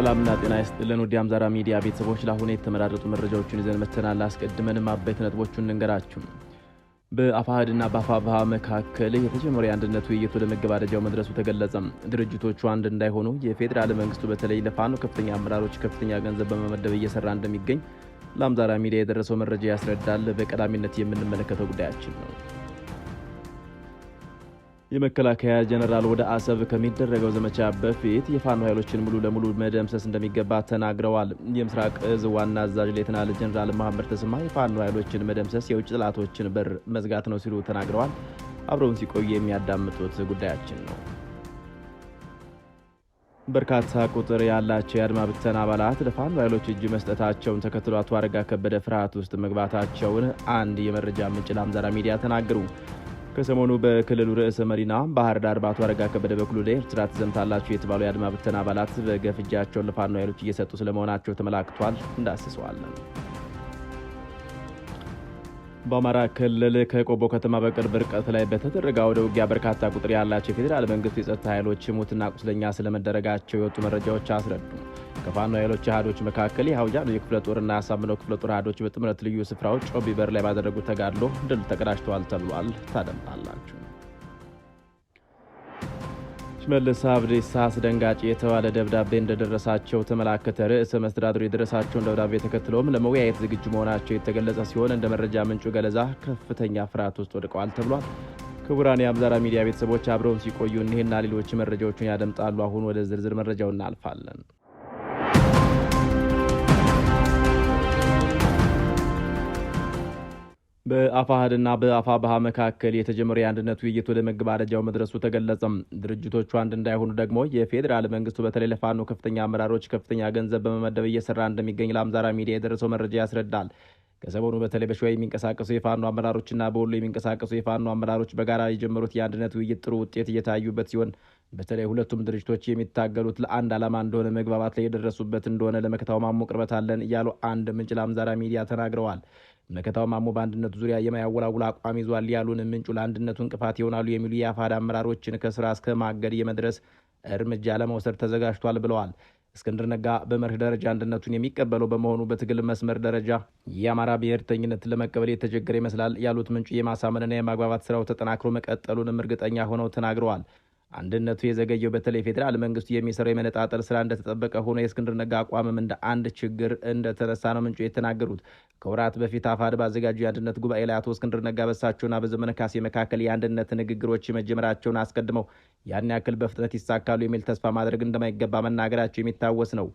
ሰላምና ጤና ይስጥልን። ወዲ አምዛራ ሚዲያ ቤተሰቦች ለአሁኑ የተመራረጡ መረጃዎችን ይዘን መተናል። አስቀድመንም አበይት ነጥቦቹን እንንገራችሁ። በአፋህድና በአፋብሃ መካከል የተጀመረ የአንድነት ውይይት ወደ መገባደጃው መድረሱ ተገለጸ። ድርጅቶቹ አንድ እንዳይሆኑ የፌዴራል መንግስቱ በተለይ ለፋኖ ከፍተኛ አመራሮች ከፍተኛ ገንዘብ በመመደብ እየሰራ እንደሚገኝ ለአምዛራ ሚዲያ የደረሰው መረጃ ያስረዳል። በቀዳሚነት የምንመለከተው ጉዳያችን ነው። የመከላከያ ጀነራል ወደ አሰብ ከሚደረገው ዘመቻ በፊት የፋኖ ኃይሎችን ሙሉ ለሙሉ መደምሰስ እንደሚገባ ተናግረዋል። የምስራቅ እዝ ዋና አዛዥ ሌትናል ጀነራል መሐመድ ተሰማ የፋኖ ኃይሎችን መደምሰስ የውጭ ጥላቶችን በር መዝጋት ነው ሲሉ ተናግረዋል። አብረውን ሲቆዩ የሚያዳምጡት ጉዳያችን ነው። በርካታ ቁጥር ያላቸው የአድማ ብተና አባላት ለፋኖ ኃይሎች እጅ መስጠታቸውን ተከትሎ አቶ አረጋ ከበደ ፍርሃት ውስጥ መግባታቸውን አንድ የመረጃ ምንጭ ለአምዛራ ሚዲያ ተናገሩ። ከሰሞኑ በክልሉ ርዕሰ መሪና ባህር ዳር በአቶ አረጋ ከበደ በኩሉ ኤርትራ ትዘምታላችሁ የተባሉ የአድማ ብተና አባላት በገፍ እጃቸውን ለፋኖ ኃይሎች እየሰጡ ስለመሆናቸው ተመላክቷል። እንዳስሰዋለን። በአማራ ክልል ከቆቦ ከተማ በቅርብ ርቀት ላይ በተደረገ አውደ ውጊያ በርካታ ቁጥር ያላቸው የፌዴራል መንግስት የጸጥታ ኃይሎች ሙትና ቁስለኛ ስለመደረጋቸው የወጡ መረጃዎች አስረዱ። ከፋኖ ኃይሎች አህዶች መካከል የሀውጃ ልዩ ክፍለ ጦርና ያሳምነው ክፍለ ጦር አህዶች በጥምረት ልዩ ስፍራዎች ጮቢ በር ላይ ባደረጉት ተጋድሎ ድል ተቀዳጅተዋል ተብሏል። ታደምጣላችሁ። ሽመልስ አብዲሳ አስደንጋጭ የተባለ ደብዳቤ እንደደረሳቸው ተመላከተ። ርዕሰ መስተዳድሩ የደረሳቸውን ደብዳቤ ተከትሎም ለመወያየት ዝግጁ መሆናቸው የተገለጸ ሲሆን እንደ መረጃ ምንጩ ገለጻ ከፍተኛ ፍርሃት ውስጥ ወድቀዋል ተብሏል። ክቡራን የአብዛራ ሚዲያ ቤተሰቦች አብረውን ሲቆዩ እኒህና ሌሎች መረጃዎችን ያደምጣሉ። አሁን ወደ ዝርዝር መረጃው እናልፋለን። በአፋህድና በአፋብሃ መካከል የተጀመረ የአንድነት ውይይት ወደ መገባደጃው መድረሱ ተገለጸም። ድርጅቶቹ አንድ እንዳይሆኑ ደግሞ የፌዴራል መንግስቱ በተለይ ለፋኖ ከፍተኛ አመራሮች ከፍተኛ ገንዘብ በመመደብ እየሰራ እንደሚገኝ ለአምዛራ ሚዲያ የደረሰው መረጃ ያስረዳል። ከሰሞኑ በተለይ በሸዋ የሚንቀሳቀሱ የፋኖ አመራሮችና በወሎ የሚንቀሳቀሱ የፋኖ አመራሮች በጋራ የጀመሩት የአንድነት ውይይት ጥሩ ውጤት እየታዩበት ሲሆን በተለይ ሁለቱም ድርጅቶች የሚታገሉት ለአንድ ዓላማ እንደሆነ መግባባት ላይ የደረሱበት እንደሆነ ለመከታው ማሞ ቅርበት አለን እያሉ አንድ ምንጭ ለአምዛራ ሚዲያ ተናግረዋል። መከታው ማሞ በአንድነቱ ዙሪያ የማያወላውል አቋም ይዟል ያሉን ምንጩ ለአንድነቱ እንቅፋት ይሆናሉ የሚሉ የአፋድ አመራሮችን ከስራ እስከ ማገድ የመድረስ እርምጃ ለመውሰድ ተዘጋጅቷል ብለዋል። እስክንድር ነጋ በመርህ ደረጃ አንድነቱን የሚቀበለው በመሆኑ በትግል መስመር ደረጃ የአማራ ብሔርተኝነት ለመቀበል የተቸገረ ይመስላል ያሉት ምንጩ የማሳመንና የማግባባት ስራው ተጠናክሮ መቀጠሉንም እርግጠኛ ሆነው ተናግረዋል። አንድነቱ የዘገየው በተለይ ፌዴራል መንግስቱ የሚሰራው የመነጣጠር ስራ እንደተጠበቀ ሆኖ የእስክንድር ነጋ አቋምም እንደ አንድ ችግር እንደተነሳ ነው ምንጩ የተናገሩት። ከወራት በፊት አፋድ ባዘጋጁ የአንድነት ጉባኤ ላይ አቶ እስክንድር ነጋ በሳቸውና በዘመነ ካሴ መካከል የአንድነት ንግግሮች መጀመራቸውን አስቀድመው ያን ያክል በፍጥነት ይሳካሉ የሚል ተስፋ ማድረግ እንደማይገባ መናገራቸው የሚታወስ ነው።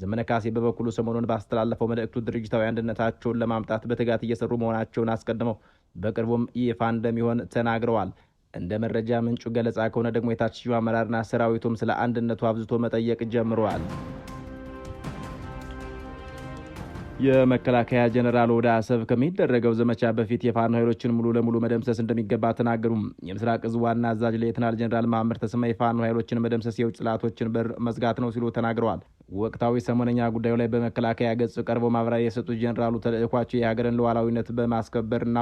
ዘመነ ካሴ በበኩሉ ሰሞኑን ባስተላለፈው መልእክቱ ድርጅታዊ አንድነታቸውን ለማምጣት በትጋት እየሰሩ መሆናቸውን አስቀድመው በቅርቡም ይፋ እንደሚሆን ተናግረዋል። እንደ መረጃ ምንጩ ገለጻ ከሆነ ደግሞ የታችኛው አመራርና ሰራዊቱም ስለ አንድነቱ አብዝቶ መጠየቅ ጀምረዋል። የመከላከያ ጀኔራል ወደ አሰብ ከሚደረገው ዘመቻ በፊት የፋኖ ኃይሎችን ሙሉ ለሙሉ መደምሰስ እንደሚገባ ተናገሩ። የምስራቅ እዝ ዋና አዛዥ ሌተናል ጀኔራል ማምር ተሰማ የፋኖ ኃይሎችን መደምሰስ የውጭ ጥላቶችን በር መዝጋት ነው ሲሉ ተናግረዋል። ወቅታዊ ሰሞነኛ ጉዳዩ ላይ በመከላከያ ገጽ ቀርቦ ማብራሪያ የሰጡት ጀኔራሉ ተልእኳቸው የሀገርን ሉዓላዊነት በማስከበርና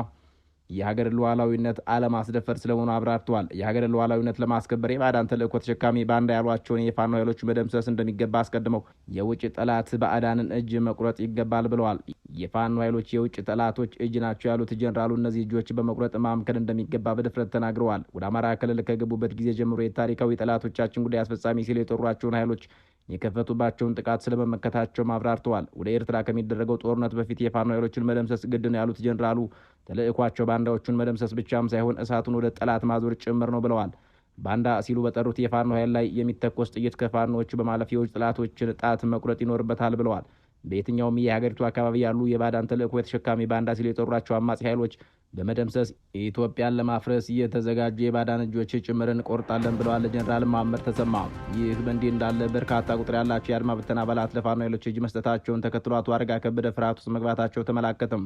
የሀገር ሉዓላዊነት አለማስደፈር ስለመሆኑ አብራርተዋል። የሀገር ሉዓላዊነት ለማስከበር የባዕዳን ተልእኮ ተሸካሚ ባንዳ ያሏቸውን የፋኖ ኃይሎች መደምሰስ እንደሚገባ አስቀድመው የውጭ ጠላት ባዕዳንን እጅ መቁረጥ ይገባል ብለዋል። የፋኖ ኃይሎች የውጭ ጠላቶች እጅ ናቸው ያሉት ጀኔራሉ እነዚህ እጆች በመቁረጥ ማምከን እንደሚገባ በድፍረት ተናግረዋል። ወደ አማራ ክልል ከገቡበት ጊዜ ጀምሮ የታሪካዊ ጠላቶቻችን ጉዳይ አስፈጻሚ ሲሉ የጠሯቸውን ኃይሎች የከፈቱባቸውን ጥቃት ስለመመከታቸውም አብራርተዋል። ወደ ኤርትራ ከሚደረገው ጦርነት በፊት የፋኖ ኃይሎችን መደምሰስ ግድ ነው ያሉት ጀኔራሉ ተልእኳቸው ባንዳዎቹን መደምሰስ ብቻም ሳይሆን እሳቱን ወደ ጠላት ማዞር ጭምር ነው ብለዋል። ባንዳ ሲሉ በጠሩት የፋኖ ኃይል ላይ የሚተኮስ ጥይት ከፋኖዎች በማለፍ ጥላቶችን ጣት መቁረጥ ይኖርበታል ብለዋል። በየትኛውም የሀገሪቱ አካባቢ ያሉ የባዕዳን ተልእኮ የተሸካሚ ባንዳ ሲሉ የጠሯቸው አማጺ ኃይሎች በመደምሰስ ኢትዮጵያን ለማፍረስ የተዘጋጁ የባዕዳን እጆች ጭምር እንቆርጣለን ብለዋል ጀኔራል ማመር ተሰማ። ይህ በእንዲህ እንዳለ በርካታ ቁጥር ያላቸው የአድማ ብተና አባላት ለፋኖ ኃይሎች እጅ መስጠታቸውን ተከትሎ አቶ አረጋ ከበደ ፍርሃት ውስጥ መግባታቸው ተመላከተም።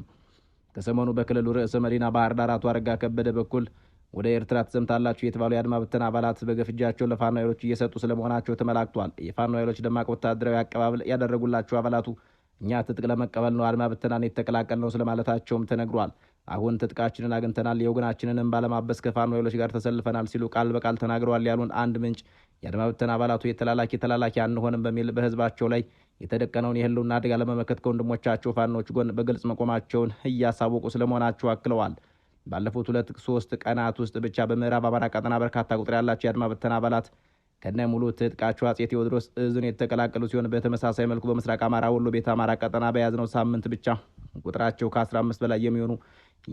ከሰሞኑ በክልሉ ርዕሰ መዲና ባህር ዳር አቶ አረጋ ከበደ በኩል ወደ ኤርትራ ትዘምታላችሁ የተባሉ የአድማ ብተና አባላት በገፍ እጃቸውን ለፋኖ ኃይሎች እየሰጡ ስለመሆናቸው ተመላክቷል። የፋኖ ኃይሎች ደማቅ ወታደራዊ አቀባበል ያደረጉላቸው አባላቱ እኛ ትጥቅ ለመቀበል ነው አድማ ብተናን የተቀላቀል ነው ስለማለታቸውም ተነግሯል። አሁን ትጥቃችንን አግኝተናል፣ የወገናችንንም ባለማበስ ከፋኖ ኃይሎች ጋር ተሰልፈናል ሲሉ ቃል በቃል ተናግረዋል ያሉን አንድ ምንጭ የአድማ ብተና አባላቱ የተላላኪ ተላላኪ አንሆንም በሚል በህዝባቸው ላይ የተደቀነውን የህልውና አደጋ ለመመከት ከወንድሞቻቸው ፋኖች ጎን በግልጽ መቆማቸውን እያሳወቁ ስለመሆናቸው አክለዋል። ባለፉት ሁለት ሶስት ቀናት ውስጥ ብቻ በምዕራብ አማራ ቀጠና በርካታ ቁጥር ያላቸው የአድማ ብተና አባላት ከነ ሙሉ ትጥቃቸው አጼ ቴዎድሮስ እዝን የተቀላቀሉ ሲሆን በተመሳሳይ መልኩ በምስራቅ አማራ ወሎ ቤት አማራ ቀጠና በያዝነው ሳምንት ብቻ ቁጥራቸው ከ15 በላይ የሚሆኑ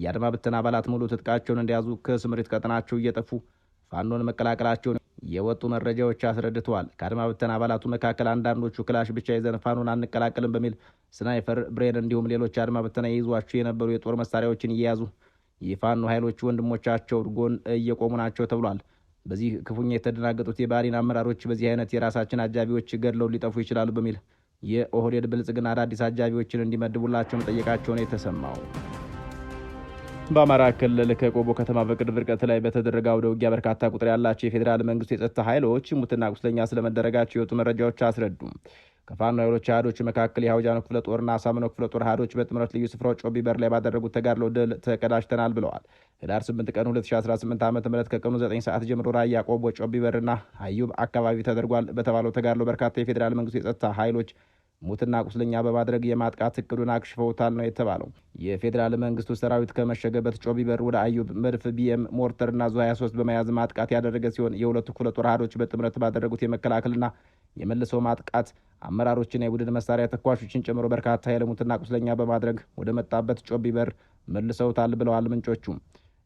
የአድማ ብተና አባላት ሙሉ ትጥቃቸውን እንደያዙ ከስምሪት ቀጠናቸው እየጠፉ ፋኖን መቀላቀላቸውን የወጡ መረጃዎች አስረድተዋል። ከአድማ ብተና አባላቱ መካከል አንዳንዶቹ ክላሽ ብቻ ይዘን ፋኖን አንቀላቀልም በሚል ስናይፈር ብሬን፣ እንዲሁም ሌሎች አድማ ብተና የይዟቸው የነበሩ የጦር መሳሪያዎችን እየያዙ የፋኖ ኃይሎች ወንድሞቻቸው ጎን እየቆሙ ናቸው ተብሏል። በዚህ ክፉኛ የተደናገጡት የባህሪን አመራሮች በዚህ አይነት የራሳችን አጃቢዎች ገድለው ሊጠፉ ይችላሉ በሚል የኦህዴድ ብልጽግና አዳዲስ አጃቢዎችን እንዲመድቡላቸው መጠየቃቸው ነው የተሰማው። በአማራ ክልል ከቆቦ ከተማ በቅርብ ርቀት ላይ በተደረገ አውደ ውጊያ በርካታ ቁጥር ያላቸው የፌዴራል መንግስቱ የጸጥታ ኃይሎች ሙትና ቁስለኛ ስለመደረጋቸው የወጡ መረጃዎች አስረዱም። ከፋኖ ኃይሎች ኢህአዶች መካከል የሀውጃኖ ክፍለ ጦርና አሳምነው ክፍለ ጦር ኢህአዶች በጥምረት ልዩ ስፍራው ጮቢ በር ላይ ባደረጉት ተጋድሎ ድል ተቀዳጅተናል ብለዋል። ህዳር 8 ቀን 2018 ዓ ም ከቀኑ 9 ሰዓት ጀምሮ ራያ ቆቦ ጮቢ በርና አዩብ አካባቢ ተደርጓል በተባለው ተጋድሎ በርካታ የፌዴራል መንግስቱ የጸጥታ ኃይሎች ሙትና ቁስለኛ በማድረግ የማጥቃት እቅዱን አክሽፈውታል ነው የተባለው። የፌዴራል መንግስቱ ሰራዊት ከመሸገበት ጮቢ በር ወደ አዩብ መድፍ፣ ቢኤም ሞርተርና ዙ 23 በመያዝ ማጥቃት ያደረገ ሲሆን የሁለቱ ክፍለ ጦር በጥምረት ባደረጉት የመከላከልና የመልሶ ማጥቃት አመራሮችና የቡድን መሳሪያ ተኳሾችን ጨምሮ በርካታ የለሙትና ቁስለኛ በማድረግ ወደ መጣበት ጮቢ በር መልሰውታል ብለዋል ምንጮቹ።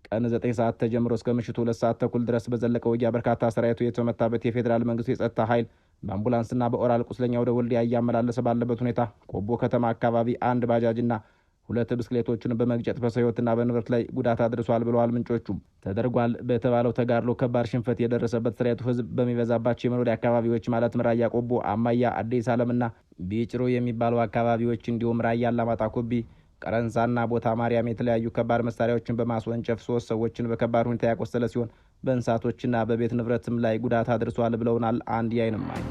ቀን 9 ሰዓት ተጀምሮ እስከ ምሽቱ ሁለት ሰዓት ተኩል ድረስ በዘለቀ ውጊያ በርካታ ሰራዊቱ የተመታበት የፌዴራል መንግስቱ የጸጥታ ኃይል በአምቡላንስና በኦራል ቁስለኛ ወደ ወልዲያ እያመላለሰ ባለበት ሁኔታ ቆቦ ከተማ አካባቢ አንድ ባጃጅና ሁለት ብስክሌቶችን በመግጨት በሰው በንብረት ላይ ጉዳት አድርሷል ብለዋል ምንጮቹም። ተደርጓል በተባለው ተጋድሎ ከባድ ሽንፈት የደረሰበት ስርየቱ ህዝብ በሚበዛባቸው የመኖሪያ አካባቢዎች ማለትም ራያ ቆቦ፣ አማያ፣ አዲስ ዓለምና ቢጭሮ የሚባሉ አካባቢዎች እንዲሁም ራያ አላማጣ፣ ኮቢ፣ ቀረንሳና ቦታ ማርያም የተለያዩ ከባድ መሳሪያዎችን በማስወንጨፍ ሶስት ሰዎችን በከባድ ሁኔታ ያቆሰለ ሲሆን በእንስሳቶችና በቤት ንብረትም ላይ ጉዳት አድርሷል ብለውናል አንድ የዓይን እማኝ።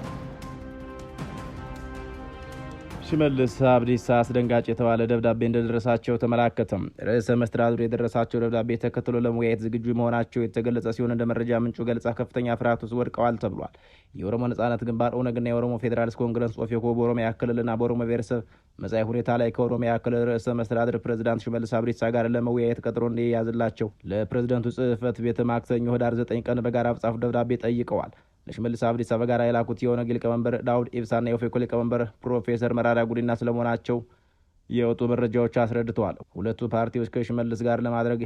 ሽመልስ አብዲሳ አስደንጋጭ የተባለ ደብዳቤ እንደደረሳቸው ተመላከተም። ርዕሰ መስተዳድሩ የደረሳቸው ደብዳቤ ተከትሎ ለመወያየት ዝግጁ መሆናቸው የተገለጸ ሲሆን እንደ መረጃ ምንጩ ገለጻ ከፍተኛ ፍርሃት ውስጥ ወድቀዋል ተብሏል። የኦሮሞ ነጻነት ግንባር ኦነግና የኦሮሞ ፌዴራልስ ኮንግረስ ኦፌኮ በኦሮሚያ ክልልና በኦሮሞ ብሔረሰብ መጻኢ ሁኔታ ላይ ከኦሮሚያ ክልል ርዕሰ መስተዳድር ፕሬዚዳንት ሽመልስ አብዲሳ ጋር ለመወያየት ቀጥሮ እንደያዝላቸው ለፕሬዚደንቱ ጽህፈት ቤት ማክሰኞ ህዳር 9 ቀን በጋራ አጻፉ ደብዳቤ ጠይቀዋል። ለሽመልስ አብዲሳ በጋራ የላኩት የኦነግ ሊቀመንበር ዳውድ ኢብሳና የኦፌኮ ሊቀመንበር ፕሮፌሰር መራራ ጉዲና ስለመሆናቸው የወጡ መረጃዎች አስረድተዋል። ሁለቱ ፓርቲዎች ከሽመልስ ጋር ለማድረግ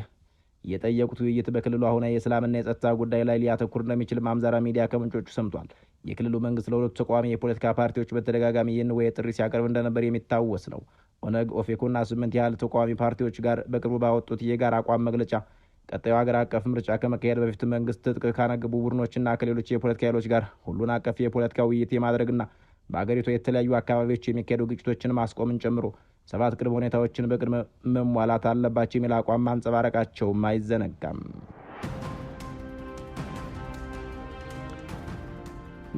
የጠየቁት ውይይት በክልሉ አሁናዊ የሰላምና የጸጥታ ጉዳይ ላይ ሊያተኩር እንደሚችል ማምዛራ ሚዲያ ከምንጮቹ ሰምቷል። የክልሉ መንግስት ለሁለቱ ተቋሚ የፖለቲካ ፓርቲዎች በተደጋጋሚ ወይ ጥሪ ሲያቀርብ እንደነበር የሚታወስ ነው። ኦነግ ኦፌኮና ስምንት ያህል ተቃዋሚ ፓርቲዎች ጋር በቅርቡ ባወጡት የጋራ አቋም መግለጫ ቀጣዩ ሀገር አቀፍ ምርጫ ከመካሄድ በፊት መንግስት ትጥቅ ካነገቡ ቡድኖችና ከሌሎች የፖለቲካ ኃይሎች ጋር ሁሉን አቀፍ የፖለቲካ ውይይት የማድረግና በአገሪቷ የተለያዩ አካባቢዎች የሚካሄዱ ግጭቶችን ማስቆምን ጨምሮ ሰባት ቅድመ ሁኔታዎችን በቅድመ መሟላት አለባቸው የሚል አቋም ማንጸባረቃቸውም አይዘነጋም።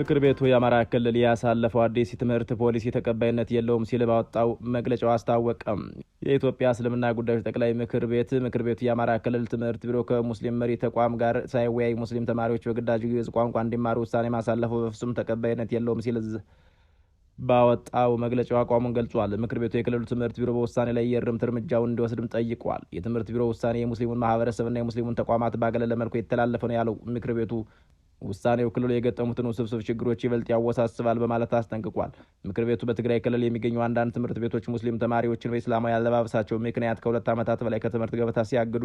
ምክር ቤቱ የአማራ ክልል ያሳለፈው አዲስ የትምህርት ፖሊሲ ተቀባይነት የለውም ሲል ባወጣው መግለጫው አስታወቀም። የኢትዮጵያ እስልምና ጉዳዮች ጠቅላይ ምክር ቤት ምክር ቤቱ የአማራ ክልል ትምህርት ቢሮ ከሙስሊም መሪ ተቋም ጋር ሳይወያይ ሙስሊም ተማሪዎች በግዳጅ ግዕዝ ቋንቋ እንዲማሩ ውሳኔ ማሳለፈው በፍጹም ተቀባይነት የለውም ሲል ባወጣው መግለጫው አቋሙን ገልጿል። ምክር ቤቱ የክልሉ ትምህርት ቢሮ በውሳኔ ላይ የእርምት እርምጃውን እንዲወስድም ጠይቋል። የትምህርት ቢሮ ውሳኔ የሙስሊሙን ማህበረሰብና የሙስሊሙን ተቋማት ባገለለ መልኩ የተላለፈ ነው ያለው ምክር ቤቱ ውሳኔው ክልሉ የገጠሙትን ውስብስብ ችግሮች ይበልጥ ያወሳስባል በማለት አስጠንቅቋል። ምክር ቤቱ በትግራይ ክልል የሚገኙ አንዳንድ ትምህርት ቤቶች ሙስሊም ተማሪዎችን በኢስላማዊ አለባበሳቸው ምክንያት ከሁለት ዓመታት በላይ ከትምህርት ገበታ ሲያግዱ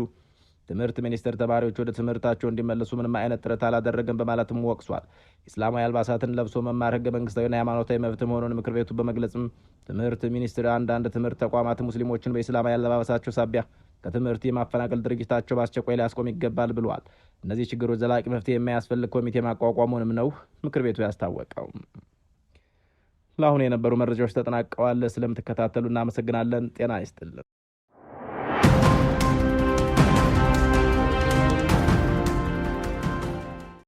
ትምህርት ሚኒስቴር ተማሪዎች ወደ ትምህርታቸው እንዲመለሱ ምንም አይነት ጥረት አላደረገም በማለትም ወቅሷል። ኢስላማዊ አልባሳትን ለብሶ መማር ህገ መንግስታዊና ሃይማኖታዊ መብት መሆኑን ምክር ቤቱ በመግለጽም ትምህርት ሚኒስቴር አንዳንድ ትምህርት ተቋማት ሙስሊሞችን በኢስላማዊ አለባበሳቸው ሳቢያ ከትምህርት የማፈናቀል ድርጊታቸው በአስቸኳይ ሊያስቆም ይገባል ብሏል። እነዚህ ችግሮች ዘላቂ መፍትሄ የማያስፈልግ ኮሚቴ ማቋቋሙንም ነው ምክር ቤቱ ያስታወቀው። ለአሁኑ የነበሩ መረጃዎች ተጠናቀዋል። ስለምትከታተሉ እናመሰግናለን። ጤና ይስጥልን።